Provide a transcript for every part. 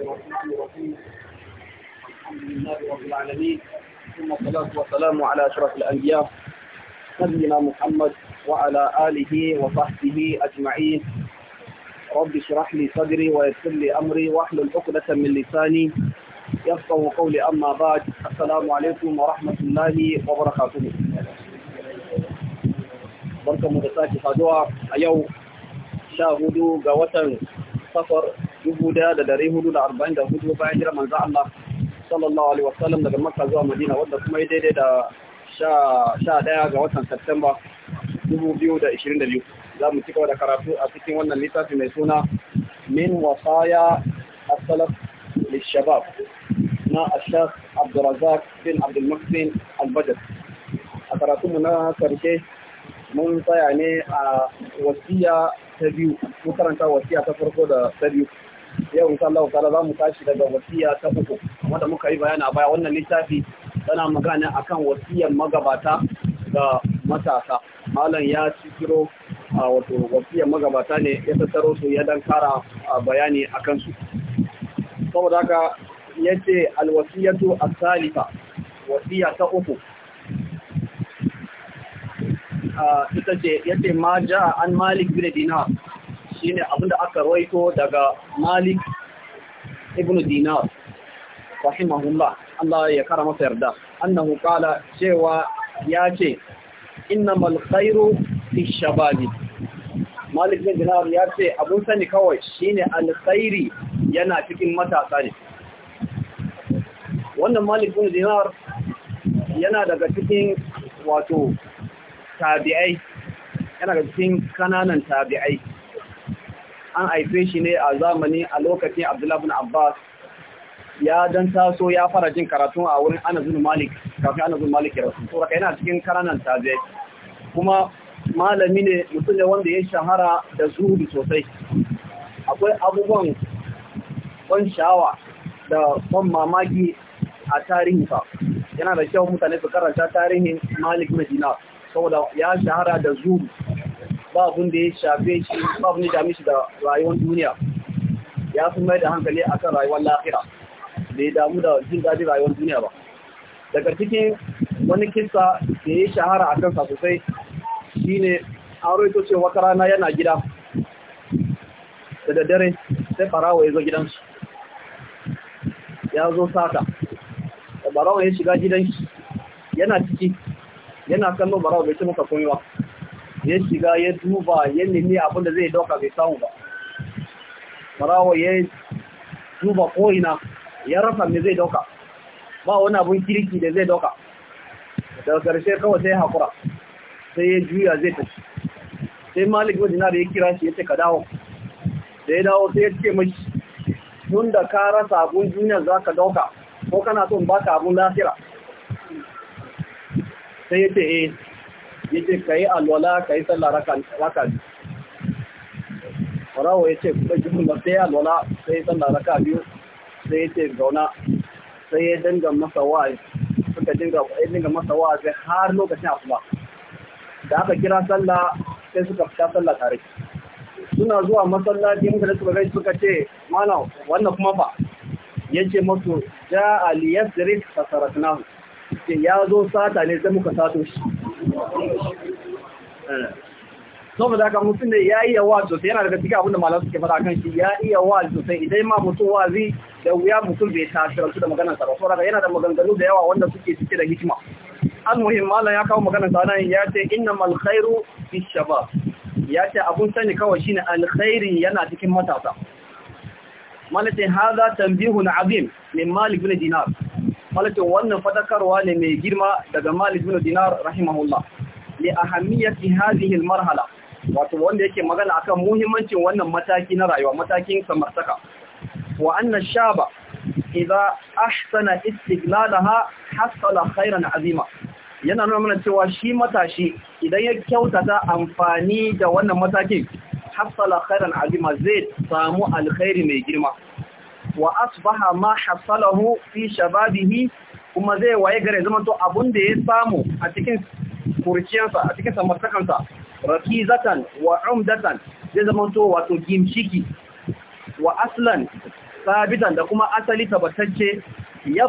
الرحمن الرحيم الحمد لله رب العالمين ثم الصلاة والسلام على أشرف الأنبياء سيدنا محمد وعلى آله وصحبه أجمعين رب اشرح لي صدري ويسر لي أمري واحلل عقدة من لساني يفقه قولي أما بعد السلام عليكم ورحمة الله وبركاته بركة مدساتي sake أيو شاهدوا قوة sha dubu daya da dari hudu da arba'in da hudu bayan jira manzo Allah sallallahu alaihi wasallam daga Makka zuwa Madina wadda kuma yi daidai da sha daya ga watan Satumba 2022. za mu cigaba da karatu a cikin wannan littafi mai suna min wasaya as-salaf للشباب na الشيخ عبد bin بن عبد المحسن البدر أقرأتم na كرشي mun tsaya ne a wasiya ta biyu mun karanta wasiya ta farko da ta biyu yau insha Allah ta'ala za mu tashi daga wasiya ta uku wanda muka yi bayana baya wannan littafi tana magana akan wasiyar magabata ga matasa malam ya cikiro wato wasiyar magabata ne ya tattaro su ya dan kara bayani akan su saboda haka yace alwasiyatu as-salifa wasiya ta uku ita ce yace ma ja an malik bin dinar shine abinda aka roiko daga Malik ibn Dinar rahimahullah Allah ya kara masa yarda annahu qala cewa ya ce innamal khairu fi shababi Malik ibn Dinar ce, abun sani kawai shine alkhairi yana cikin matasa ne wannan Malik Ibn Dinar yana daga cikin wato tabi'ai yana daga cikin kananan tabi'ai an haife shi ne a zamani a lokacin Abdullahi bin Abbas ya dan taso ya fara jin karatu a wurin Anas Malik kafin Anas Malik ya rasu saboda yana cikin karanan tabe kuma malami ne mutum ne wanda ya shahara da zuhudu sosai akwai abubuwan ban sha'awa da ban mamaki a tarihinsa yana da kyau mutane su karanta tarihin Malik Madina saboda ya shahara da zuhudu ba abin da ya shafe shi ba abin da ya shi da rayuwar duniya ya fi mai da hankali akan rayuwar lahira bai damu da jin daɗin rayuwar duniya ba daga cikin wani kisa da ya shahara a kansa sosai shine an roito ce wata rana yana gida da daddare sai farawa ya zo gidansu ya zo sata da barawa ya shiga gidansu yana ciki yana kallon barawa bai ce maka komewa ya shiga ya duba ya nemi abin zai dauka bai samu ba marawa ya duba ko'ina ya rasa me zai dauka ba wani abin kirki da zai dauka daga karshe kawai sai hakura sai ya juya zai tafi sai malik wajina da ya kira shi ya ce ka dawo da ya dawo sai ya ce mashi tun da ka rasa abun duniyar za ka dauka ko kana son baka abun lafira sai ya ce eh yace kai alwala kai sallah raka raka rawo yace kuma jumla sai alwala sai sallah raka biyu sai ce gauna sai ya dinga masa wa'azi suka dinga ya dinga masa wa'azi har lokacin asuba da aka kira sallah sai suka fita sallah tare suna zuwa masallaci muka suka gaishe suka ce mana wannan kuma ba yace masu ja aliyasrif a ce ya zo sata ne sai muka sato shi saboda haka mutum da ya iya wa sosai yana daga cikin abinda malam suke fara kan shi ya iya wa sosai idan ma mutum wazi da wuya mutum bai su da maganar sa ba saboda yana da maganganu da yawa wanda suke cike da hikima al muhim ya kawo maganar sa nan ya ce innamal khairu fi shabab ya ce abun sani kawai shine alkhairi yana cikin matasa malatin hadha tanbihun azim min malik bin dinar malakin wannan fadakarwa ne mai girma daga Malik bin Dinar rahimahullah li ahammiyati hadhihi almarhala wato wanda yake magana akan muhimmancin wannan mataki na rayuwa matakin samartaka wa anna shaba idza ahsana istiglalaha hasala khairan azima yana nuna mana cewa shi matashi idan ya kyautata amfani da wannan matakin hasala khairan azima zai samu alkhairi mai girma wa asbaha ma hasalahu fi shababihi kuma zai waye gare zaman to abun da ya samu a cikin kurciyarsa a cikin samartakansa rakizatan wa umdatan zai zaman to wato gimshiki wa aslan sabitan da kuma asali tabbatacce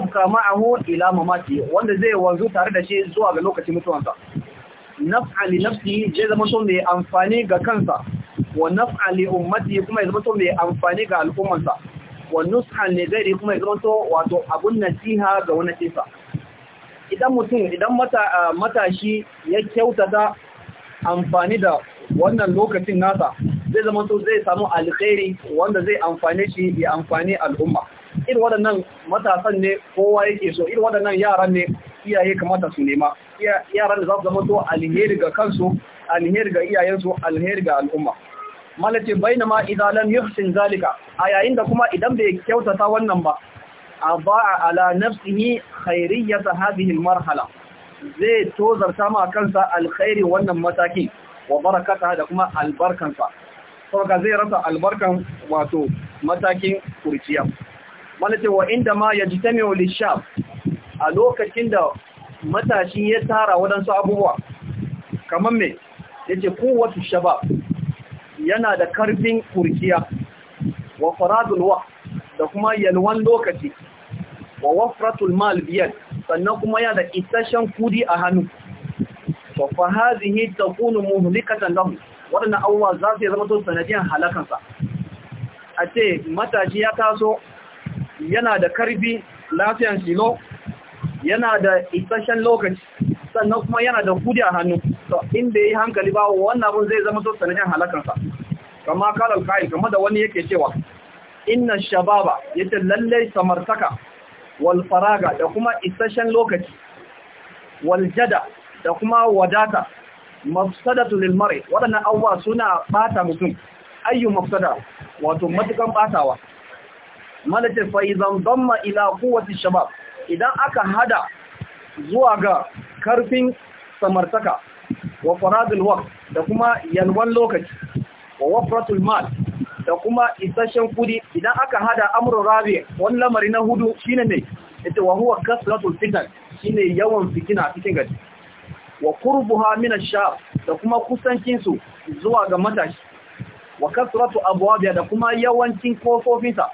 buka ma'ahu ila mamaki wanda zai wanzu tare da shi zuwa ga lokacin mutuwansa Naf'ali li nafsi zai zama to mai amfani ga kansa wa naf'ali ummati kuma ya zama to mai amfani ga al'ummarsa Wannan nushan ne gari kuma ya zamanto wato abun nasiha ga wani sifa idan mutum idan matashi ya kyautata amfani da wannan lokacin nasa zai zamanto zai samu alkhairi wanda zai amfane shi ya amfani al'umma irin waɗannan matasan ne kowa yake so irin waɗannan yaran ne iyaye kamata su nema yaran da za su zamanto alheri ga kansu alheri ga iyayensu alheri ga al'umma malace ma idan lam yuhsin zalika a yayin da kuma idan bai kyautata wannan ba aba'a ala nafsihi khairiyyata hadhihi almarhala zai tozarta ma kansa alkhairi wannan mataki wa barakata da kuma albarkansa saboda zai rasa albarkan wato matakin kurciya malace wa inda ma yajtami'u lishab a lokacin da matashi ya tara wadansu abubuwa kamar me yace kowace shabab yana da karfin kurkiya wa faradul wa da kuma yalwan lokaci wa wafratul mal biyar sannan kuma yana da isashen kudi a hannu to fa hadhihi takunu muhlikatan lahu wannan abubuwa za su zama to sanadiyan halakansa a ce matashi ya taso yana da karfi lafiyan shilo yana da isashen lokaci sannan kuma yana da kudi a hannu to in bai yi hankali ba wannan abun zai zama to sanadiyan halakansa kama kalal kayan kama da wani yake cewa inna shababa yace lallai samartaka wal faraga da kuma isasshen lokaci wal jada da kuma wadata mafsadatu lil mar'i wadannan awwa suna bata mutum ayyu mafsada wato matukan batawa malaka fa idan damma ila quwwati shabab idan aka hada zuwa ga karfin samartaka wa faradul waqt da kuma yalwan lokaci wa wafratul mal da kuma isasshen kudi idan aka hada amru rabi wani lamari na hudu shine mai ita wa huwa kasratul fitan shine yawan fitina cikin gari wa qurbuha min ash-shab da kuma kusancin zuwa ga matashi wa kasratu abwabiha da kuma yawancin kofofinsa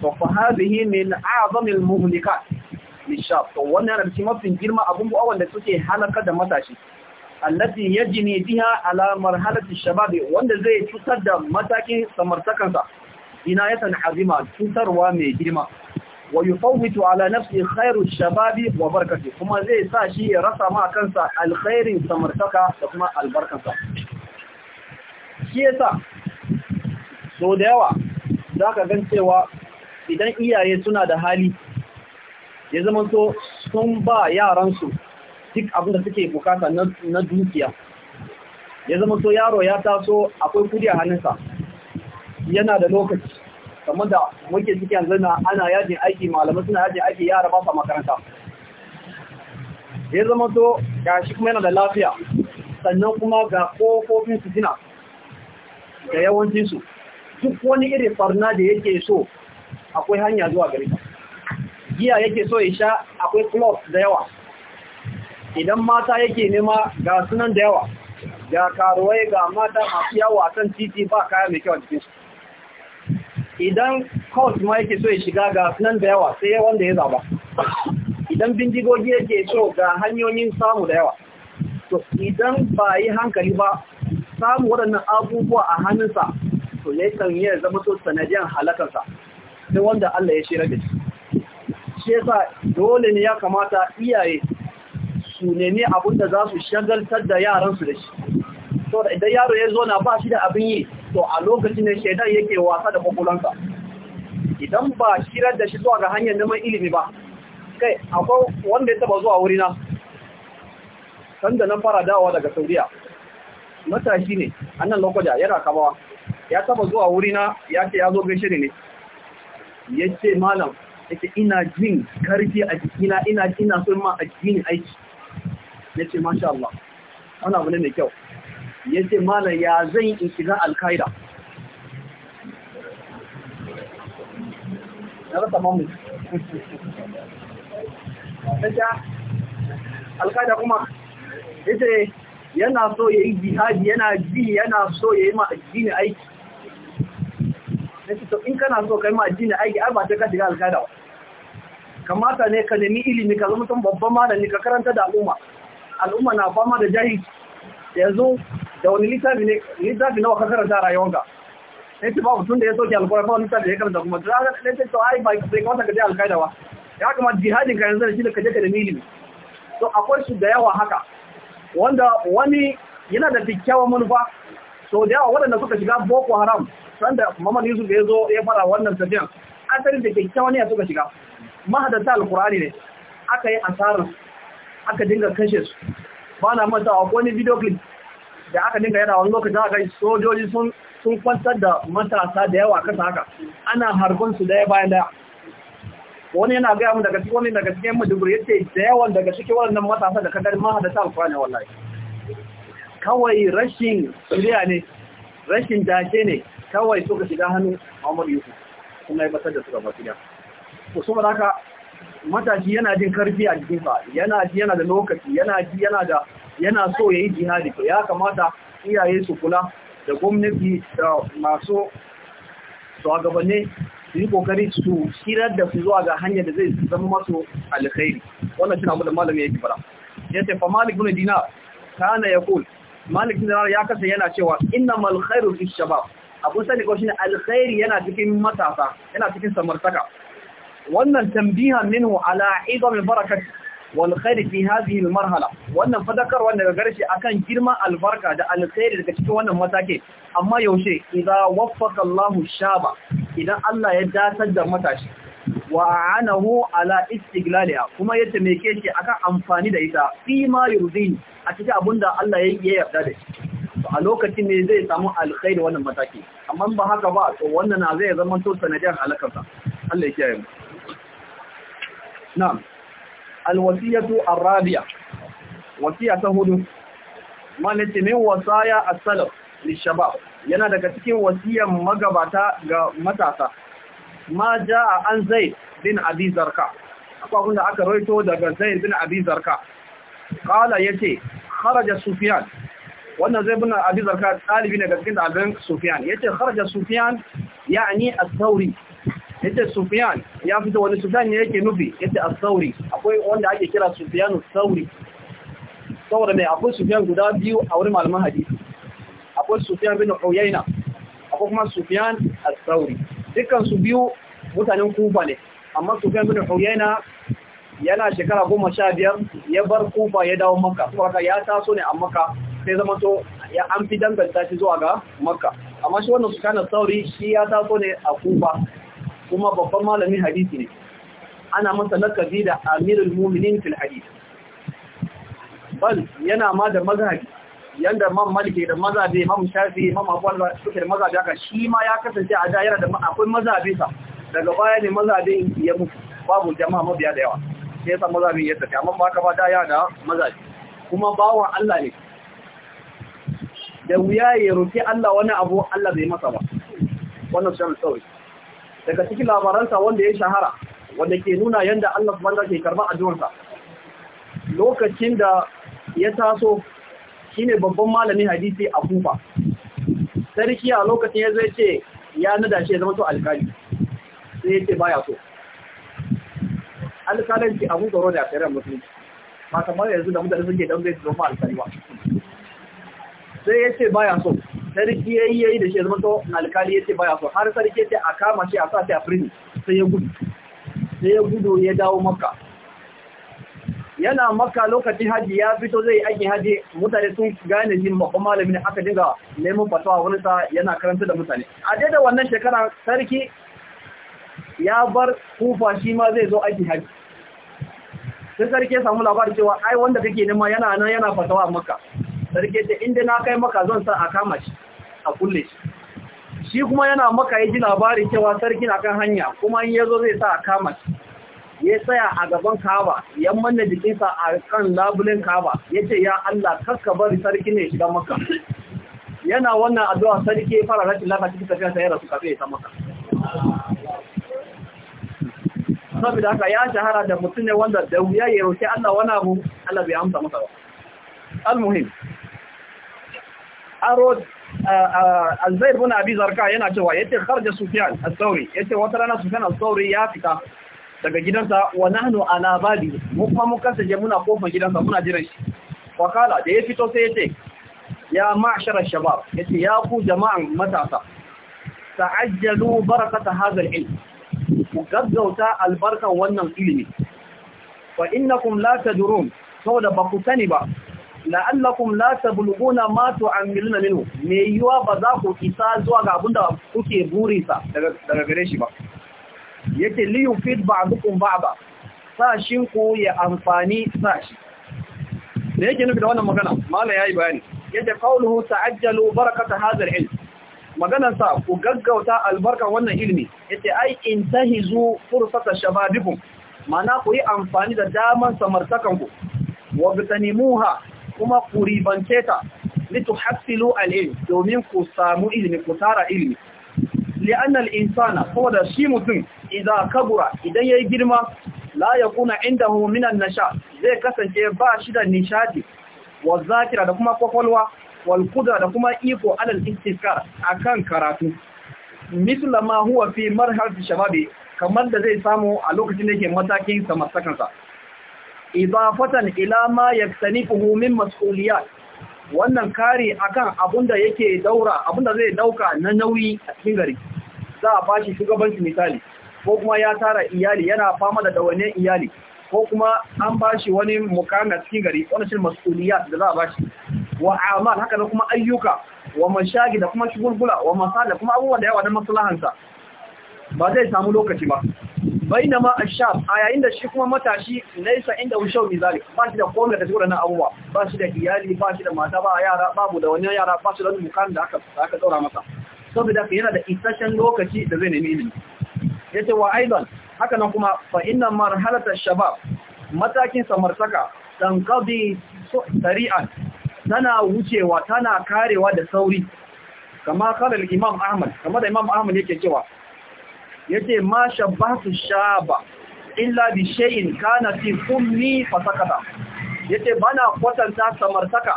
to fa hadhihi min a'zamil muhlikat lishab to wannan yana da girma abubuwan da suke halaka da matashi allati jini biha alamar marhalati shababi wanda zai cutar da matakin samartakansa Ina yasan azima cutarwa mai girma wa yufawwitu ala nafsi khairu shababi wa barakati kuma zai sa shi ya rasa ma kansa alkhairin samartaka da kuma albarkansa shi yasa so da yawa zaka gan cewa idan iyaye suna da hali ya zama so sun ba yaransu duk abin da suke bukata na dukiya ya zama so yaro ya taso akwai kudi a hannunsa yana da lokaci kamar da muke ciki yanzu na ana yajin aiki malamai suna yajin aiki yara ba sa makaranta ya zama ga gashi kuma yana da lafiya sannan kuma ga kofofin gina da yawancinsu duk wani irin farna da yake so akwai hanya zuwa gari giya yake so ya sha akwai club da yawa idan mata yake nema ga sunan da yawa ga karuwai ga mata masu yawo a titi ba kaya mai kyau a cikinsu idan court ma yake so ya shiga ga sunan da yawa sai wanda ya zaba idan bindigogi yake so ga hanyoyin samu da yawa to idan ba yi hankali ba samu waɗannan abubuwa a hannunsa to ya kan yi zama so sanadiyar halakarsa sai wanda Allah ya shi da shi shi yasa dole ne ya kamata iyaye su nemi abin da za su shagaltar da yaransu da shi to idan yaro ya zo na ba shi da abin yi to a lokacin da shaidan yake wasa da kokolansa idan ba shirar da shi zuwa ga hanyar neman ilimi ba kai akwai wanda ya taba zuwa wurina kan da nan fara dawowa daga saudiya matashi ne annan lokaja yana kamawa ya taba zuwa wurina ya ce ya zo gaishe ne ya ce malam ya ina jin karfi a jikina ina jina so ma a jikin aiki Ya ce masha Allah wani abu ne mai kyau ya ce mana ya in yi ikirar alkaida na rasa mamu na ta alkaida kuma ya ce yana so ya yi jihadi yana ji yana so ya yi ma'ajini aiki Ya ce to in kana so ka yi ma'ajini aiki ai ba ta ka shiga alkaida ba kamata ne ka nemi ilimi ka zama sun babban malami ka karanta da al'umma al'umma na fama da jahi yanzu da wani littafi nawa ka karanta rayuwarka sai ce babu tun da ya soke alkura ba wani littafi ya karanta kuma da haka ɗaya ce to ai ba sai kamata ka je alkaida ba ya kamata jihadin ka yanzu da shi da kaje ka da milimi to akwai su da yawa haka wanda wani yana da kyakkyawan manufa to da yawa waɗanda suka shiga boko haram sanda mamman yusuf ya zo ya fara wannan tafiyan asali da kyakkyawan ne suka shiga mahadata alkurani ne aka yi asarar aka dinga kashe su ba na manta a wani video clip da aka dinga yana wani lokacin aka sojoji sun sun kwantar da matasa da yawa kasa haka ana harbin su daya bayan daya wani yana gaya mun daga cikin wani daga cikin madubur ya ce da yawan daga cikin wannan matasa da kadar ta alfani wallahi kawai rashin shirya ne rashin dace ne kawai suka shiga hannu, Muhammad Yusuf kuma ya batar da suka basu da. Usman haka matashi yana jin karfi a jikinsa yana ji yana da lokaci yana ji yana da yana so yayi jihadi to ya kamata iyaye su kula da gwamnati da masu shugabanni su yi kokari su shirar da su zuwa ga hanyar da zai zama masu alkhairi wannan shi abu da malami yake fara ya ce fa malik bin dinar kana yaqul malik bin dinar ya kasa yana cewa innamal khairu fi shabab abun sani ko shine alkhairi yana cikin matasa yana cikin samartaka wannan tambihan minhu ala idami barakat wal khair fi hadhihi al marhala wannan fadakar wannan daga garshe akan girman albarka da alkhairi daga cikin wannan matake amma yaushe idza waffaqa Allahu shaba idan Allah ya datar da matashi wa anahu ala istiglaliha kuma me ke shi akan amfani da ita fi ma yurdini a cikin abinda Allah ya yarda da shi a lokacin ne zai samu alkhairi wannan mataki amma ba haka ba to wannan na zai zama to sanadiyar halakarsa Allah ya kiyaye mu na'am alwasiyatu arabiya wasiya ta hudu malace min wasaya as-salaf lishabab yana daga cikin wasiyan magabata ga matasa ma jaa an zaid bin abi zarka akwai wanda aka roito daga zaid bin abi zarka qala yace kharaja sufyan wannan zaid bin abi zarka talibi ne daga cikin abin sufyan yace kharaja sufyan yani as-sauri yadda sufiyan ya fito wani sufiyan ne yake nufi yadda a sauri akwai wanda ake kira Sufyan sauri saboda mai akwai sufiyan guda biyu a wurin malaman hadisi akwai sufiyan bin Uyayna akwai kuma sufiyan a sauri dukkan su biyu mutanen Kufa ne amma sufiyan bin Uyayna yana shekara goma sha biyar ya bar Kufa ya dawo maka Makka saboda ya taso ne a maka sai zama to ya an fi danganta shi zuwa ga maka amma shi wannan sufiyan a sauri shi ya taso ne a Kufa kuma babban malamin hadisi ne ana masa lakabi da amirul muminin fil hadisi bal yana ma da mazhabi yanda man malike da mazhabi imam shafi imam abu alba suke da mazhabi haka shi ma ya kasance a dayar da akwai mazhabi sa daga baya ne mazhabin ya mutu babu jama'a mabiya da yawa sai yasa mazhabin ya tafi amma ba ka ba daya da mazhabi kuma bawan Allah ne da wuya ya roki Allah wani abu Allah bai masa ba wannan shi ne daga cikin labaransa wanda ya shahara wanda ke nuna yadda Allah wanda ke karba addu'arsa lokacin da ya taso shine babban malamin hadisi a Kufa sarki a lokacin ya zai ce ya nada shi ya zama to alkali sai ya ce baya so alkalanci abu tsoro da tsare musulunci ba kamar yanzu da mutane suke dan zai zama alkali ba sai ya ce baya so sarki ya yi da shi ya zama to alkali ya ce baya so har sarki ya ce a kama shi a sa shi a firin sai ya gudu sai ya gudu ya dawo maka yana maka lokacin haji ya fito zai aikin haji mutane sun gane shi makon malamin aka dinga neman fatawa wani sa yana karanta da mutane a daidai wannan shekara sarki ya bar kufa shi ma zai zo aikin haji sai sarki ya samu labarin cewa ai wanda kake nema yana nan yana fatawa maka sarki ce inda na kai maka zan sa a kama shi a kulle shi shi kuma yana maka ya ji labari cewa sarki na kan hanya kuma in yazo zai sa a kama shi ya tsaya a gaban kaba ya manna jikinsa a kan labulin kaba ya ce ya Allah karka bari sarki ne shiga maka yana wannan addu'a sarki ya fara rashin lafiya cikin tafiya sai ya rasu kafin ya ta maka saboda haka ya shahara da mutum ne wanda da wuya ya roki Allah wani abu Allah bai amsa masa ba al-muhim aro eh, eh, Al-Zair bin Abi Zarka yana cewa yace kharja Sufyan al-Thawri yace wata rana Sufyan al-Thawri ya fita daga gidansa wa nahnu ala babi mu mu mun kasance muna kofar gidansa muna jiran shi wa kala da ya fito sai yace ya ma'shar shabab yace ya ku jama'an matasa ta'ajjalu barakata hadha al-ilm ku gaggauta albarkan wannan ilimi fa innakum la tadrun saboda ba ku sani ba la'allakum la an ma tu'amiluna minhu me yiwa ba za ku isa zuwa ga abinda kuke sa daga gare shi ba yace li yufid ba'dukum ba'da sashin ku ya amfani sashi da yake nufi da wannan magana mallan yayi bayani yace qawluhu ta'ajjalu barakata hadha al-ilm maganar sa ku gaggauta albarkar wannan ilmi yace ai intahizu fursata shababikum mana ku yi amfani da daman samartakanku wa bitanimuha kuma ku ribance ta litu hasilu al'il domin ku samu ilimi ku tara ilimi li'an al'insana ko da shi mutum idan kabura idan ya yi girma la ya kuna inda huminan nasha zai kasance ba shi da nishadi wa zakira da kuma kwakwalwa wal da kuma iko alal a kan karatu mislama ma huwa fi marhal shababi kamar da zai samu a lokacin da yake matakin masakansa. idafatan ila ma yaktanifuhu min mas'uliyat wannan kare akan abunda yake daura abunda zai dauka na nauyi a cikin gari za a bashi shugabanci misali ko kuma ya tara iyali yana fama da dawane iyali ko kuma an bashi wani mukana a cikin gari wannan shi mas'uliyat da za a bashi wa amal haka da kuma ayyuka wa mashagi da kuma shugulgula wa masala kuma abubuwan da yawa na maslahansa ba zai samu lokaci ba ma ashab a yayin da shi kuma matashi naisa inda ushau mizali ba shi da komai da cikin abubuwa ba shi da iyali ba shi da mata ba yara babu da wani yara ba shi da mukan da aka aka masa saboda yana da isasshen lokaci da zai nemi ilimi ce wa aidan haka nan kuma fa inna marhalata shabab matakin samartaka tanqadi sari'an tana wucewa tana karewa da sauri kama kala imam ahmad kamar da imam ahmad yake cewa yace ma shabbatu shaba illa bi shay'in kana fi kunni fasakata yace bana kwatanta samartaka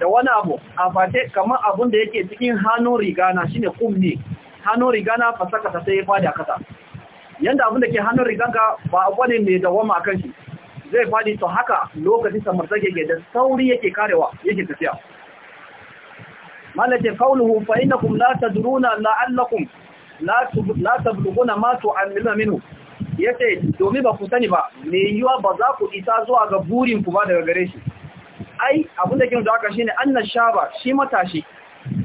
da wani abu a fate kamar abun da yake cikin hannun rigana shine ummi hannun rigana fasakata sai ya fadi a kasa Yadda abin da ke hannun riganka ba abu ne mai dawama akan shi zai fadi to haka lokacin samartaka yake da sauri yake karewa yake tafiya malaka qawluhu fa innakum la tadruna la'allakum la tablughuna ma tu'amiluna minhu yace domin ba ku sani ba me yiwa ba za ku isa zuwa ga burin ku ba daga gare shi ai abin da kin da aka shine annan shaba shi matashi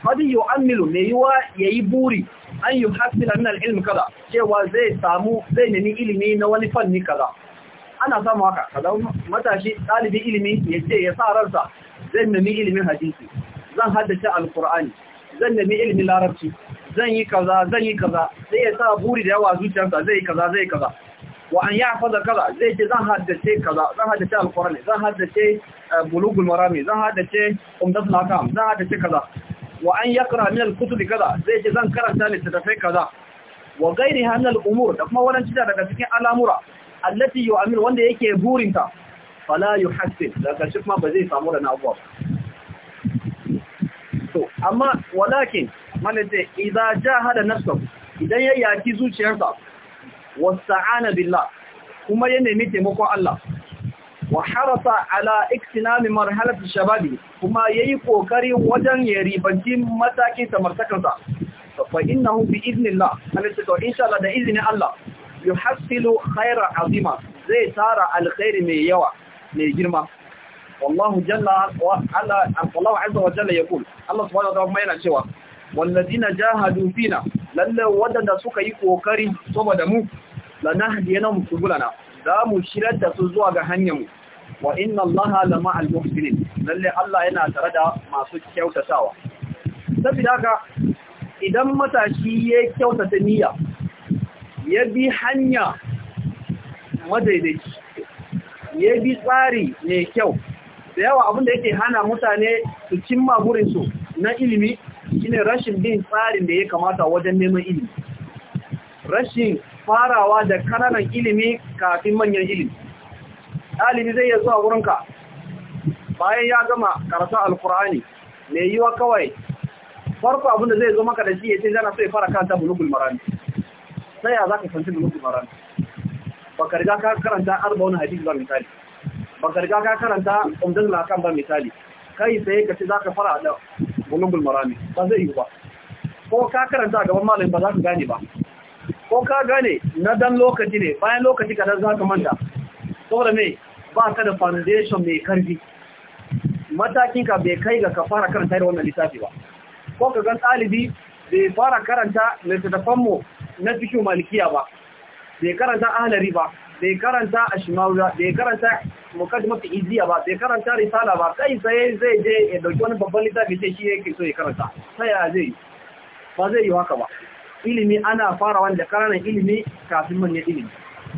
hadi yu'amilu me yiwa yayi buri an yuhasila min al-ilm kaza cewa zai samu zai nemi ilimi na wani fanni kaza ana samu haka kaza matashi ɗalibin ilimi yace ya sa ransa zai nemi ilimin hadisi zan haddace al-qur'ani zan nemi ilimin larabci zan yi kaza zan yi kaza sai ya sa buri da yawa zuciyarsa zai yi kaza zai yi kaza wa an yahfaza kaza zai ce zan haddace kaza zan haddace alqur'ani zan haddace eh, bulugul marami zan haddace umdatul hakam zan haddace kaza wa an yaqra min alkutubi kaza zai ce zan karanta littattafai kaza wa ghairiha min al'umur da kuma wannan cita daga cikin al'amura allati yu'amil wanda yake burinta fala yuhassib daga shi kuma ba zai samu da na abuwa amma walakin mana idan idan jahada nafsahu idan ya yaki zuciyarsa wasta'ana billah kuma ya nemi taimakon Allah wa harasa ala iktinami marhalati shababi kuma yayi kokari wajen ya ribanci matakin samartakarsa fa innahu bi idnillah alaka to insha Allah da izinin Allah yuhassilu khaira azima zai tara alkhairi mai yawa mai girma wallahu jalla wa ala Allah azza wa jalla yaqul Allah subhanahu wa yana cewa wallazina jahadu fina lalle wadanda suka yi kokari saboda mu lanahdiyannahum subulana za mu shirar da su zuwa ga hanyar mu wa inna allaha lama al-muhsinin lalle Allah yana tare da masu kyautatawa saboda haka idan matashi ya kyautata niyya ya bi hanya madaidaici ya bi tsari mai kyau da yawa abinda yake hana mutane su cimma burinsu na ilimi shine rashin bin tsarin da ya kamata wajen neman ilimi rashin farawa da kananan ilimi kafin manyan ilimi ɗalibi zai iya zuwa wurinka bayan ya gama karatu alkur'ani mai yiwa kawai farko abinda zai zo maka da shi ya ce zana so ya fara kanta bulugul marani sai ya za ka fanci bulugul marani baka riga ka karanta arba'un hadisi ba misali baka riga ka karanta umdan lakan ba misali kai sai ka ce za ka fara da ulumul marami ba zai yi ba ko ka karanta gaban malami ba za ka gane ba ko ka gane na dan lokaci ne bayan lokaci kadan za ka manta saboda me ba ka da foundation mai karfi matakin ka bai kai ga ka fara karanta da wannan littafi ba ko ka ga ɗalibi bai fara karanta littattafan mu na fiqh malikiya ba bai karanta ahlari ba bai karanta ashimawiya bai karanta mukaddimatu iziya ba sai karanta risala ba kai sai zai je ya dauki wani babban littafi sai shi yake so ya karanta sai ya zai ba zai yi haka ba ilimi ana fara wanda karanan ilimi kafin manyan ilimi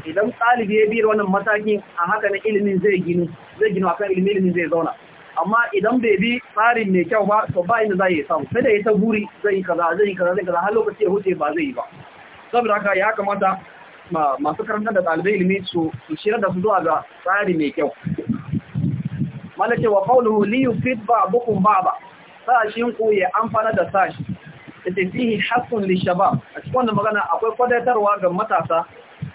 idan ɗalibi ya biyar wannan matakin a haka na ilimin zai ginu zai ginu akan ilimin ilimin zai zauna amma idan bai bi tsarin mai kyau ba to ba inda za samu sai da ya ta buri zai yi kaza zai yi kaza zai kaza har lokaci ya huce ba zai yi ba saboda haka ya kamata masu karanta da ɗalibai ilimi su shirar da su zuwa ga tsari mai kyau malake wa qawluhu li bukun ba ba. sashin ku ya amfana da sashi ta fihi haskun li shabab a cikin wannan magana akwai kwadatarwa ga matasa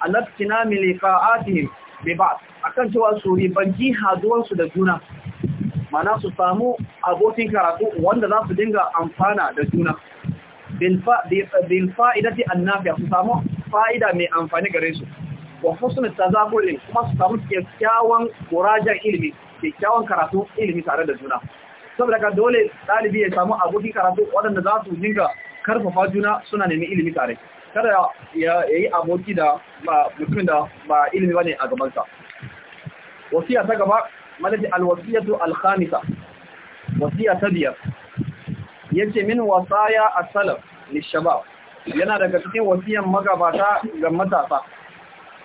allati tinami liqa'atihim bi a akan cewa su ribanci banki da juna mana su samu abokin karatu wanda za su dinga amfana da juna Bin fa'idati annafi'a su samu fa'ida mai amfani gare su wa husnul tazahurin kuma su samu kyakkyawan kurajen ilimi kyakkyawan karatu ilimi tare da juna saboda ka dole ɗalibi ya samu abokin karatu waɗanda za su dinga karfafa juna suna neman ilimi tare kada ya yi aboki da mutumin da ba ilimi ba ne a gabansa wasiya ta gaba malaji alwasiyatu alhamisa, wasiya ta biyar yace min wasaya a salaf shabab yana daga cikin wasiyan magabata ga matasa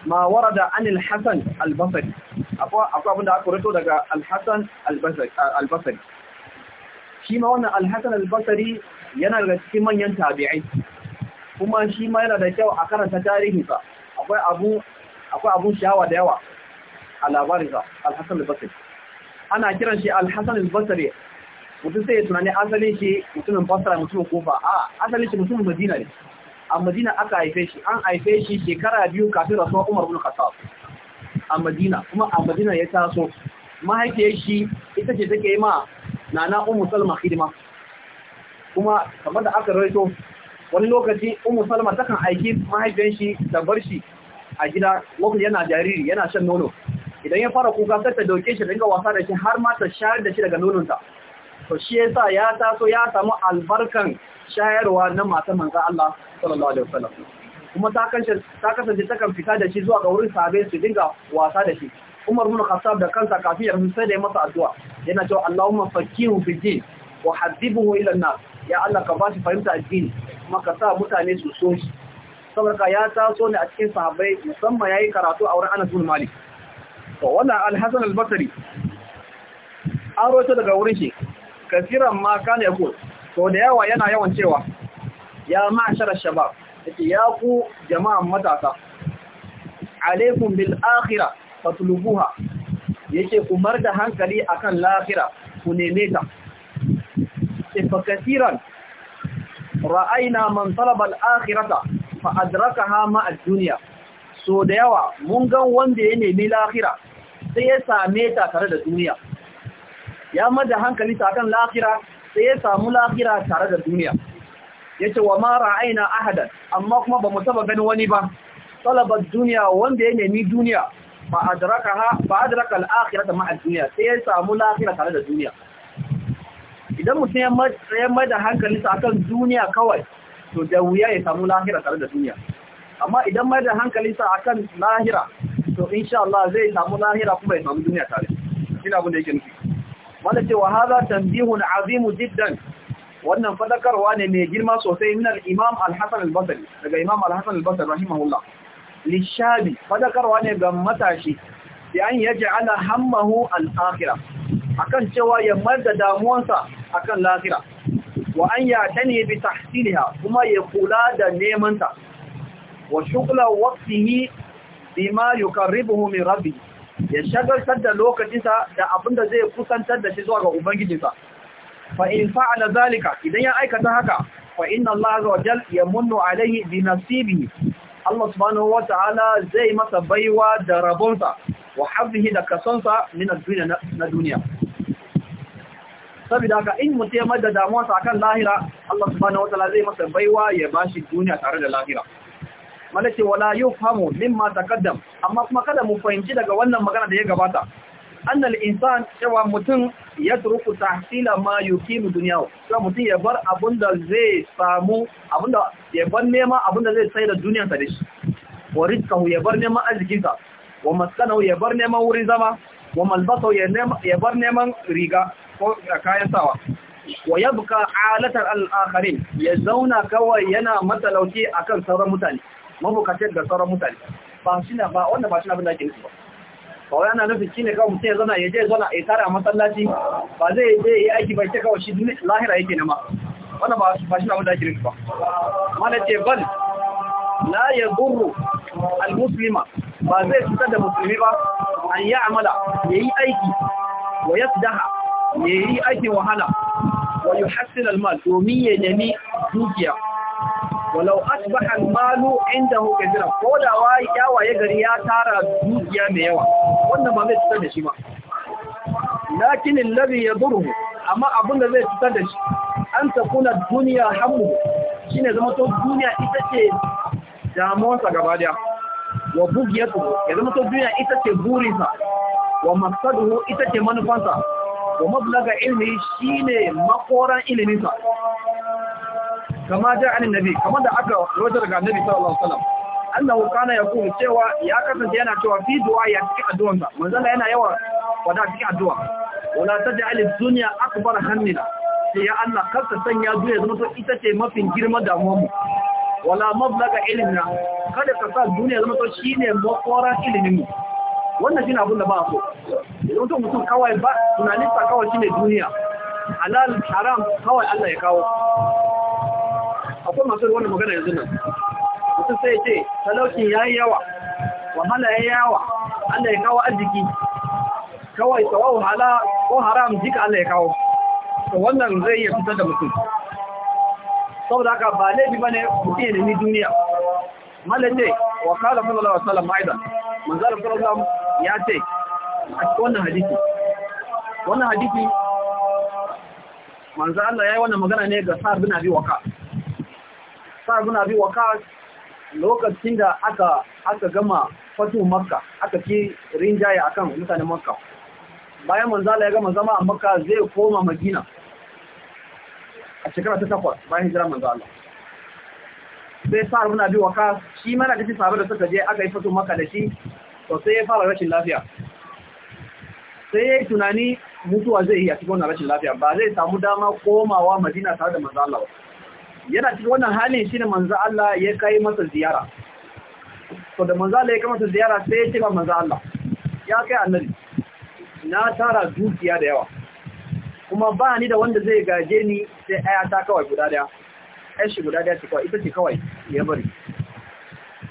ma da anil hasan albasari akwai abin da aka rito daga alhassan albasari shi ma wannan alhassan albasari yana daga cikin manyan tabi'ai kuma shi ma yana da kyau a karanta tarihinsa akwai abun sha'awa da yawa a labarinsa alhassan albasari ana kiran shi alhassan albasari mutum sai ya tunani asalin shi mutumin basara mutumin kofa a asalin shi mutumin madina ne a Madina aka haife shi an haife shi shekara biyu kafin rasuwar Umar bin Khattab a Madina kuma a Madina ya taso mahaifiyar shi ita ce take yi ma nana umu Salma hidima kuma kamar da aka raito, wani lokaci umu Salma takan aiki mahaifiyar shi da bar shi a gida lokacin yana jariri yana shan nono idan ya fara kuka sai ta dauke shi dinga wasa da shi har ma ta shayar da shi daga nononta to shi yasa ya taso ya samu albarkan shayarwa na matan manzo Allah sallallahu alaihi wasallam kuma ta kasance ta kan fita da shi zuwa ga wurin sahabbai su dinga wasa da shi Umar bin Khattab da kansa kafiyar ya rubuta da masa addu'a yana cewa Allahumma fakkihu fi din wa hadibuhu ila an-nas ya Allah ka bashi fahimta addini kuma ka sa mutane su so shi saboda ya taso ne a cikin sahabbai musamman yayi karatu a wurin Anas bin Malik to wannan Al-Hasan al-Basri an roto daga wurin shi kasiran ma kana yako to da yawa yana yawan cewa ya ma'ashara shabab yake ya ku jama'an matasa alaikum bil akhirah fatlubuha yake ku mar da hankali akan lakira ku neme ta fa kasiran ra'ayna man talaba al akhirata fa adrakaha ma ad dunya so da yawa mun gan wanda ya nemi lakira sai ya same ta tare da duniya ya mada hankali ta kan lahira sai ya samu lahira tare da duniya yace wa ma ra'ayna ahadan amma kuma ba mu taba gani wani ba talabat duniya wanda ya nemi duniya fa adrakaha fa adraka al-akhirata ma'a duniya sai ya samu lafiya tare da duniya idan mutum ya mai da hankali hankalinsa akan duniya kawai to da wuya ya samu lahira tare da duniya amma idan mai da hankali hankalinsa akan lahira to insha Allah zai samu lahira kuma ya samu duniya tare shi abin da yake nufi wanda cewa hadha tanbihun azimu jiddan wannan fadakarwa ne mai girma sosai minar imam al hassan al-basri daga imam al hassan al-basri rahimahullah lishabi fadakarwa ne ga matashi bi an yaj'ala hammahu al-akhirah akan cewa ya marda damuwansa akan lafira wa an tani bi tahsilha kuma ya kula da neman ta wa shughla waqtihi bima yuqarribuhu min rabi ya shagaltar da lokacinsa da abinda zai kusantar da shi zuwa ga ubangijinsa fa in fa'ala zalika idan ya aikata haka fa inna Allah azza wa jal yamunnu alayhi bi Allah subhanahu wa ta'ala zai masa baiwa da rabonsa wa habbihi da kasonsa na duniya saboda haka in mu ya madda damuwa sa kan lahira Allah subhanahu wa ta'ala zai masa baiwa ya bashi duniya tare da lahira malaki wala yufhamu mimma taqaddam amma kuma kada mu fahimci daga wannan magana da ya gabata annal insan cewa mutum ya turku tahsila ma yukimu duniyawo cewa mutum ya bar abinda zai samu abinda ya bar nema abinda zai sai da duniyarsa da shi wa rizqahu ya bar neman arzikinsa wa maskanahu ya bar neman wurin zama wa malbasahu ya bar neman riga ko kayan sawa wa yabqa alatar al-akharin ya zauna kawai yana matalauci akan sauran mutane mabukatar da sauran mutane ba shi na ba wanda ba shi na abin da ake nufi ba ba ana nufin ne kawai mutum ya zana ya je zana ya tara masallaci ba zai je yi aiki ba ita kawai shi lahira yake nema wannan ba ba shi abin da ake nufi ba mana ce ban la yadurru al-muslima ba zai fitar da musulmi ba an yi amala ya yi aiki wa yasdaha ya yi aikin wahala wa yuhassil al-mal domin ya nemi dukiya walau asbahan malu inda indahu jira, ko da wai ya gari ya tara dukiya mai yawa wannan ba zai cutar da shi ba lakin ya yadurhu amma abin da zai cutar da shi an takuna duniya hamu shine zama to duniya ita ce damuwarsa gaba daya wa bugiyatu ya zama to duniya ita ce burinsa wa maqsaduhu ita ce manufansa wa mablaga ilmi shine makoran iliminsa kama ja an nabi kama da aka roja daga nabi sallallahu alaihi wasallam annahu kana yaqulu cewa ya kasance yana cewa fi du'a ya cikin addu'a sa manzala yana yawa wada cikin addu'a wala taj'al ad-dunya akbar hammina sai ya Allah kar ka sanya duniya zama to ita ce mafin girma damuwar mu wala mablaga ilmina kada ka sa duniya zama to shine makoran ilimin mu wannan shine abin da ba so idan to mutum kawai ba tunanin sa kawai shine duniya halal haram kawai Allah ya kawo akwai masu wannan magana yanzu nan mutum sai ce talaucin ya yi yawa wahala ya yi yawa allah ya kawo arziki kawai tsawo hala ko haram jika allah ya kawo to wannan zai iya fitar da mutum saboda haka ba laifi ba ne mutum ya nemi duniya ce wa kala sallallahu alaihi wasallam aidan manzal kuma ya ce a cikin wannan hadisi wannan hadisi manzo Allah yayi wannan magana ne ga Sa'ad bin Abi Waqqas Sa'ad bin wa Waqqas lokacin da aka aka gama fatu Makka aka ci rinjaye akan mutanen Makka bayan manzala ya gama zama a Makka zai koma Madina a shekara ta takwas bayan hijira manzala sai Sa'ad bin wa Waqqas shi mana da sahabbai da suka je aka yi fatu Makka da shi to sai ya fara rashin lafiya sai ya yi tunani mutuwa zai yi a cikin wannan rashin lafiya ba zai samu dama komawa Madina tare da manzala ba yana cikin wannan halin shi ne manzo Allah ya kai masa ziyara to da manzo Allah ya kai masa ziyara sai ya ce manzo Allah ya kai annabi na tara dukiya da yawa kuma ba ni da wanda zai gaje ni sai aya ta kawai guda daya ai shi guda daya ce kawai ita ce kawai ya bari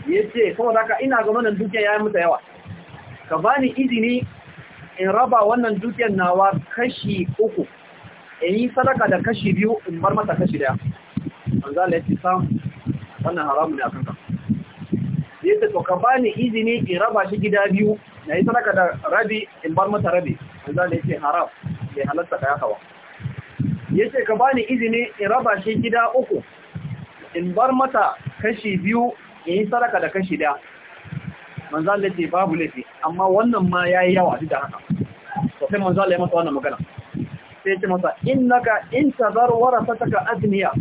yace kawai haka ina ga wannan dukiya yayi mata yawa ka bani izini in raba wannan dukiyar nawa kashi uku in yi sadaka da kashi biyu in bar mata kashi daya manzo Allah ya samu wannan haramu ne akan ka yace to ka bani izini in raba shi gida biyu na yi sadaka da rabi in bar mata rabi manzo Allah haram bai halatta ka haka ba yace ka bani izini in raba shi gida uku in bar mata kashi biyu in yi sadaka da kashi daya manzo Allah babu laifi amma wannan ma ya yi yawa duk da haka to sai manzo Allah ya masa wannan magana sai ya ce masa innaka in tazar warasataka azniya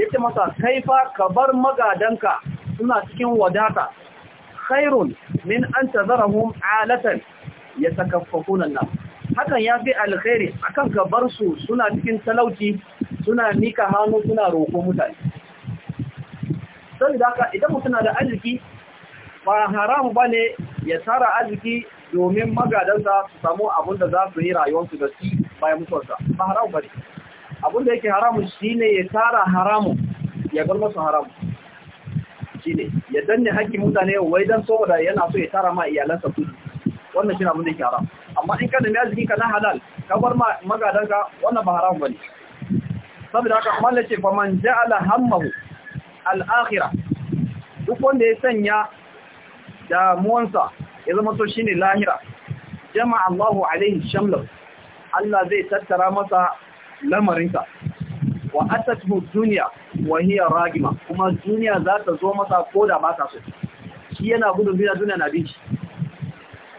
yake masa kaifa kabar magadanka suna cikin wadata khairun min an tazarahum alatan yatakaffafuna nan hakan yafi alkhairi akan kabar su suna cikin talauci suna nika hannu suna roko mutane saboda haka idan mutum na da arziki ba haramu bane ya tara arziki domin magadansa su samu abinda za su yi rayuwarsu da shi bayan mutuwarsa ba haramu bane abun da yake haramun shine ya tara haramun ya bar su haramun shine ya danne haƙƙin mutane wai dan saboda yana so ya tara ma iyalansa kudi wannan shine abun da yake haramu amma in ka nemi arziki ka na halal ka bar ma magadanka wannan ba haram bane saboda haka Allah ce fa man ja'ala hammahu al-akhirah duk wanda ya sanya damuwansa ya zama so shine lahira jama'a Allahu alaihi shamla Allah zai tattara masa lamarinsa wa atatuhu duniya wa hiya ragima kuma duniya za ta zo masa ko da ba ta so shi yana gudun duniya duniya na bin shi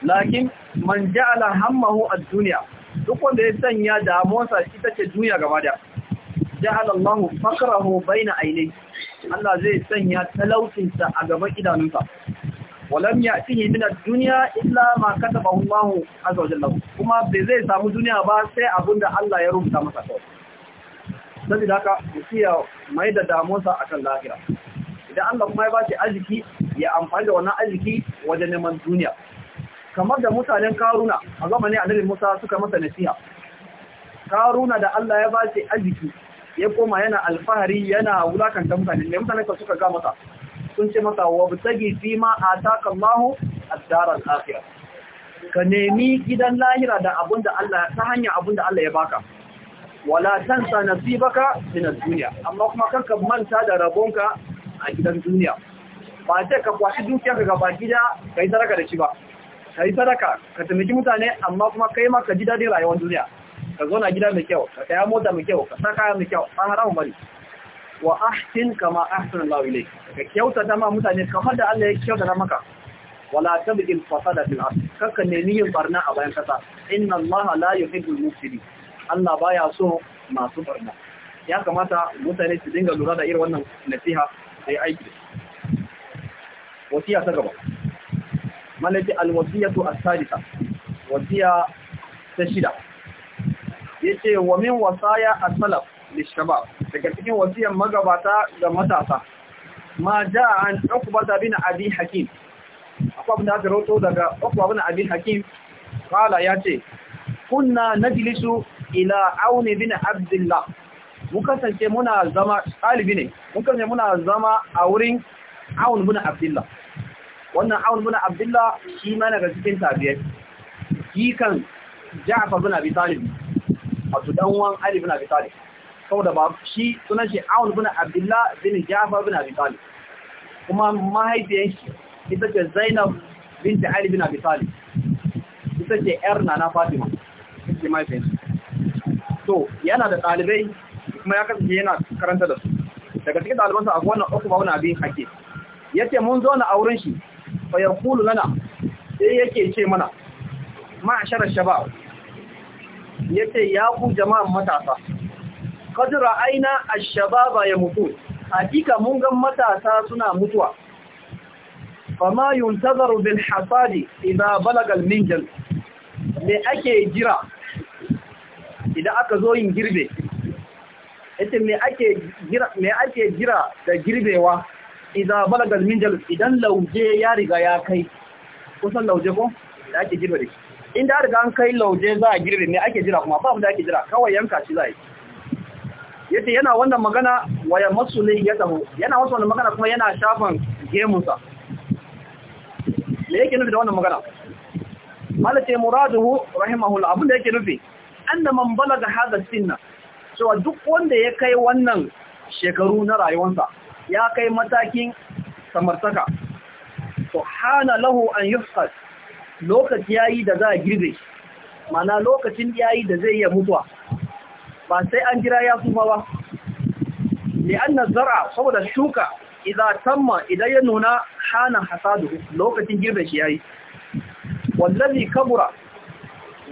lakin man ja'ala hammahu ad-dunya duk wanda ya sanya damuwarsa ita ce duniya gaba da ja'ala Allahu fakrahu baina ainihi Allah zai sanya talaucinsa a gaban idanunsa walam ya'tihi min ad-dunya illa ma kataba Allahu azza wa jalla kuma bai zai samu duniya ba sai abinda Allah ya rubuta masa kawai sai da ka musiya mai da damuwarsa akan lahira idan Allah kuma ya ba shi arziki ya amfani da wannan arziki wajen neman duniya kamar da mutanen karuna a zamanin annabi Musa suka masa nasiha karuna da Allah ya ba shi arziki ya koma yana alfahari yana wulakanta mutane ne mutane suka ga masa sun ce masa wa butagi fi ma a takan mahu a al lafiya ka nemi gidan lahira da abinda Allah ta hanya abinda Allah ya baka wala tansa nasibaka baka ad duniya amma kuma kanka manta da rabonka a gidan duniya ba ce ka kwashi dukiyarka gaba gida ka yi sadaka da shi ba Ka yi sadaka ka taimaki mutane amma kuma ka yi maka ji dadin rayuwar duniya ka zo na gida mai kyau ka kaya mota mai kyau ka sa kaya mai kyau an haramu bari wa ahsin kama ahsana Allah ilayk ka kyautata ma mutane kamar da Allah ya kyautata maka wala tabghi fasada fil ard kaka ne barna a bayan kasa inna Allah la yuhibbu mufsidin Allah baya so masu barna ya kamata mutane su dinga lura da irin wannan nasiha sai aiki wasiya ta gaba malaki al as-sadisa wasiya ta shida yace wa min wasaya as-salaf للشباب لكن وصيا مغباتا لمتاسا ما جاء عن عقبة بن أبي حكيم أقوى بن هذا روتو دقى عقبة بن أبي حكيم قال ياتي كنا نجلس إلى عون بن عبد الله مكسن منا زما قال بني مكسن منا زما أورين عون بن عبد الله وأن عون بن عبد الله شيما نغسكين تابعي جيكا جعفر بن أبي طالب أتدوان علي بن أبي طالب saboda ba shi sunan shi awon bin abdullah bin jafar bin abi talib kuma mahaifiyar shi ita ce zainab bin ali bin abi talib ita ce yar nana fatima ita ce mahaifiyar shi to yana da ɗalibai kuma ya kasance yana karanta da su daga cikin ɗalibansa akwai wannan uku ba wani abin hake ya ce mun zo na auren shi fa ya kulu lana sai yake ce mana ma'ashar shabab ya ce ya ku jama'an matasa qad aina ashababa ya mutu hakika mungan matasa suna mutuwa fama yuntazaru bil hasadi idza balaga al minjal me ake jira idan aka zo yin girbe yace me ake jira me ake jira da girbewa idan balaga minjal idan lauje ya riga ya kai kusan lauje ko da ake girbe da shi inda riga an kai lauje za a girbe me ake jira kuma ba mu da ake jira kawai yanka shi za a yi yace yana wannan magana waya masulin ya taho yana wasu wannan magana kuma yana shafan gemunsa me yake nufi da wannan magana malace muraduhu rahimahul abin da yake nufi anna man balaga hadha sinna cewa duk wanda ya kai wannan shekaru na rayuwarsa ya kai matakin samartaka to hana lahu an yuhsad lokaci yayi da za a girbe mana lokacin yayi da zai iya mutuwa ba sai an jira ya tsufa ba li'anna zar'a saboda shuka idza tamma idan ya nuna hana hasadu lokacin girbe shi yayi wallazi kabura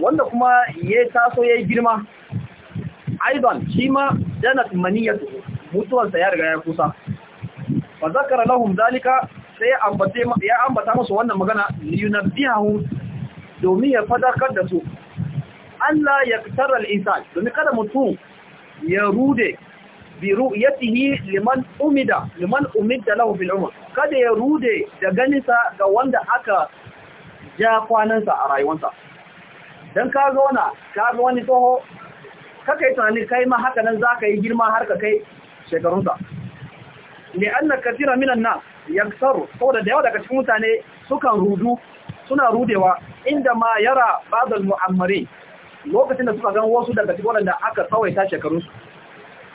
wanda kuma ya taso yayi girma aidan shi ma yana maniyatu mutuwansa ya riga ya kusa fa zakara lahum dalika sai ambata ya ambata musu wannan magana liyunabbihu domin ya fadakar da su Allah ya fitar al'insan domin kada mutum ya rude ya ru'yatihi liman umida liman umida lahu Umar. kada ya rude da ganinsa ga wanda aka ja kwanansa a rayuwarsa dan ka zauna ka wani toho kaka yi tunani kai ma haka nan zaka yi girma har ka kai shekarunsa an na kathira minan nas yaksaru saboda da yawa daga cikin mutane sukan rudu suna rudewa inda ma yara ba'dal mu'ammarin lokacin da suka gan wasu daga cikin waɗanda aka tsawaita shekarunsu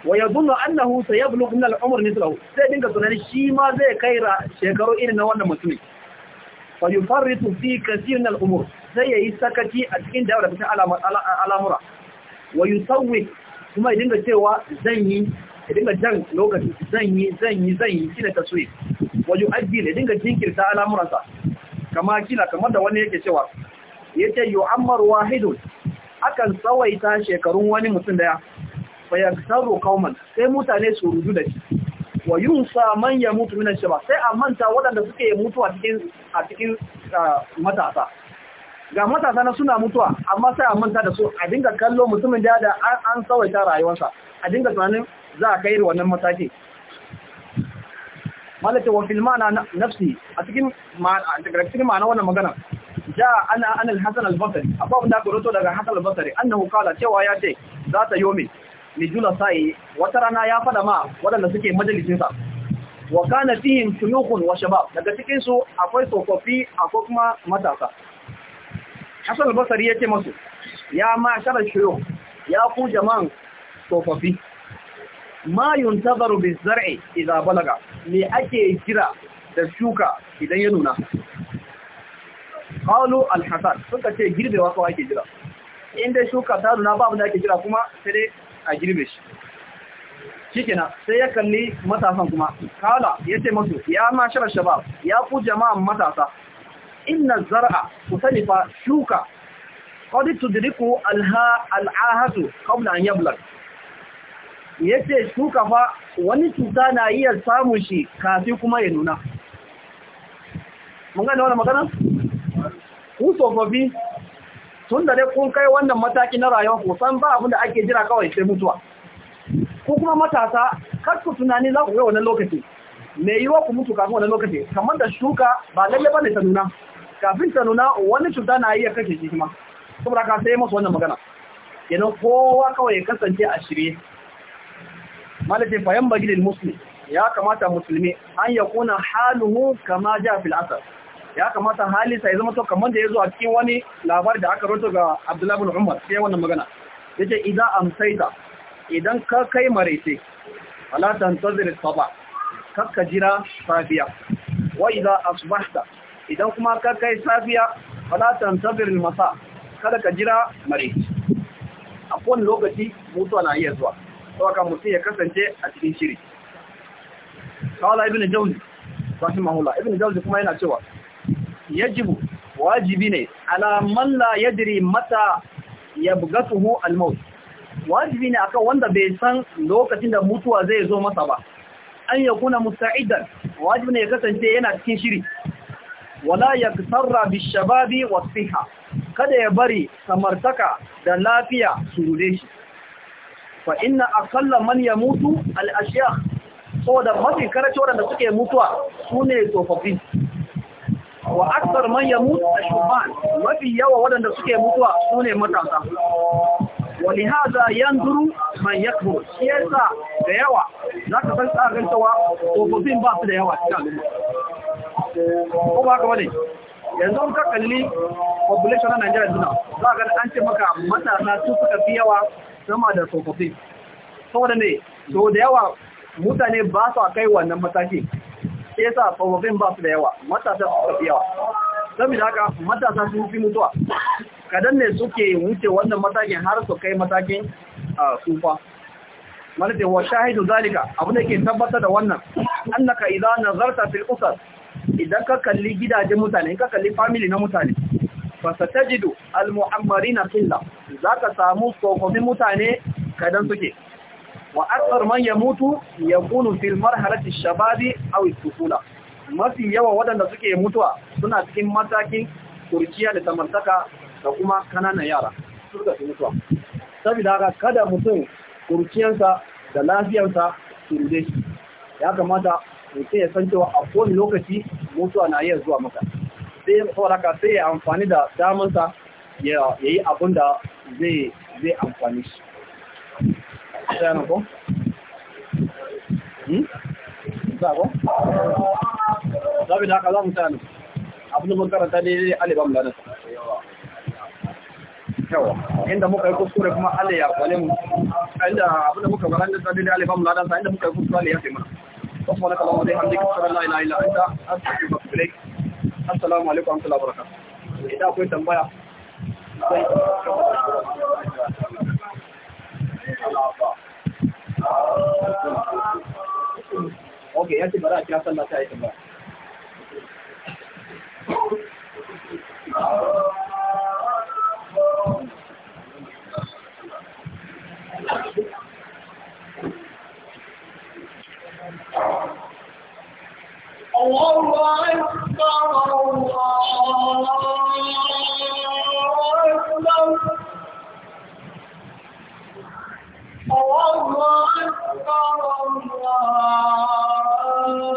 wa ya zunnu annahu sayablugh min al-umr nislahu sai dinga tunani shi ma zai kai shekaru irin na wannan mutumin fa yufarritu fi kathir min al-umur sai yayi sakaci a cikin da daga al'amura wa yusawwi kuma ya dinga cewa zan yi ya dinga jan lokacin zan yi zan yi zan yi kina taswi wa yu'ajjil ya dinga jinkirta al'amuransa kama kila kamar da wani yake cewa yace yu'ammar wahidun akan tsawaita shekarun wani mutum daya fayyartarro kawman sai mutane su rudu da shi wa yunsa sa ya mutu minan shaba sai a manta waɗanda suke mutuwa a cikin matasa ga matasa na suna mutuwa amma sai a manta da su a dinga kallo mutumin da da an tsawaita rayuwarsa a dinga tunanin za a kai wannan mataki malata wa fil nafsi a cikin ma'ana wannan magana ja ana an al-hasan al-basri akwai daga hasan al-basri annahu qala cewa ya ce za ta yomi li jula sai wata rana ya fada ma wadanda suke majalisin sa wa kana fihim shuyukhun wa shabab daga cikin su akwai tsofaffi akwai kuma matasa hasan al-basri yace musu ya ma shara shuyukh ya ku jama'an tsofaffi ma yuntazaru bizar'i idza balaga me ake jira da shuka idan ya nuna qalu al-hasad suka ce wa kawai ake jira inda shuka ta nuna babu da ake jira kuma sai dai a girbe shi shikenan sai ya kalli matasan kuma kala yace musu ya mashara shabab ya ku jama'an matasa inna zar'a kusani shuka qad tudriku al al'ahatu qabla an yablag yace shuka fa wani cuta na iya samun shi kafin kuma ya nuna mun gane wannan magana ku tsofaffi tun da dai kun kai wannan mataki na rayuwa kusan ba abin da ake jira kawai sai mutuwa Ko kuma matasa kar tunani za ku wannan lokaci me yiwa ku mutu kafin wannan lokaci kamar da shuka ba lalle bane ta nuna kafin ta nuna wani cuta na iya kashe shi kuma saboda ka sai musu wannan magana kenan kowa kawai ya kasance a shirye malakin fayan bagilin muslim ya kamata musulmi an yakuna haluhu kama ja fil asar ya kamata halisa ya zama to kamar da ya zo a cikin wani labar da aka roto ga abdullahi bin umar sai wannan magana ya ce idan amsaita idan ka kai maraice alatan tazir saba kakka jira safiya wa idan asbahta idan kuma ka kai safiya alatan tazir masa kada ka jira maraice a kowane lokaci mutuwa na iya zuwa sauka mutum ya kasance a cikin shiri kawala ibn jauzi rahimahullah ibn jauzi kuma yana cewa yajibu wajibi ne alaman la yadri mata yabgatuhu almaut wajibi ne akan wanda bai san lokacin da mutuwa zai zo masa ba an yakuna musta'idan wajibi ne ya kasance yana cikin shiri wala yaktarra bishababi wasiha kada ya bari samartaka da lafiya su shi fa inna aqalla man yamutu al-ashyakh saboda mafi karatu waɗanda suke mutuwa sune tsofaffi wa aksar man a Shuban mafi yawa waɗanda suke mutuwa su ne matasa wani haza yan duru man ya kuro shi yasa da yawa za ka san tsarin cewa tsofaffin ba su da yawa cikin al'umma ko ba ka wani yanzu ka kalli population na nigeria a za ka an ce maka matasa su suka fi yawa sama da tsofaffi saboda ne so da yawa mutane ba su a kai wannan mataki shi yasa tsofaffin ba su da yawa matasa suka fi yawa saboda haka matasa sun fi mutuwa kadan ne suke wuce wannan matakin har su kai matakin tsufa malaka wa shahidu zalika abu da ke tabbatar da wannan annaka idan nazarta fil usar idan ka kalli gidajen mutane ka kalli family na mutane fa satajidu al mu'ammarina za zaka samu tsofaffin mutane kadan suke wa akthar man yamutu yakunu fil marhalati shababi aw at-tufula mafi yawa wadanda suke mutuwa suna cikin matakin kurciya da samartaka da kuma kananan yara suka su mutuwa saboda haka kada mutum kurciyansa da lafiyarsa su rude shi ya kamata mutum ya san cewa a kowane lokaci mutuwa na iya zuwa maka sai sauraka sai ya amfani da damansa ya yi abin da zai amfani shi sha ko? Hmm? za ko? zabi da haka za mu abin mun karanta ne alibam da nasa yawa inda muka yi kuskure kuma mu inda abin da muka alibam da nasa inda muka yi kuskure assalamu alaikum wa idan akwai tambaya ok ya ce bara a kira sallah ta aikin ba الله أكبر الله والله أكبر الله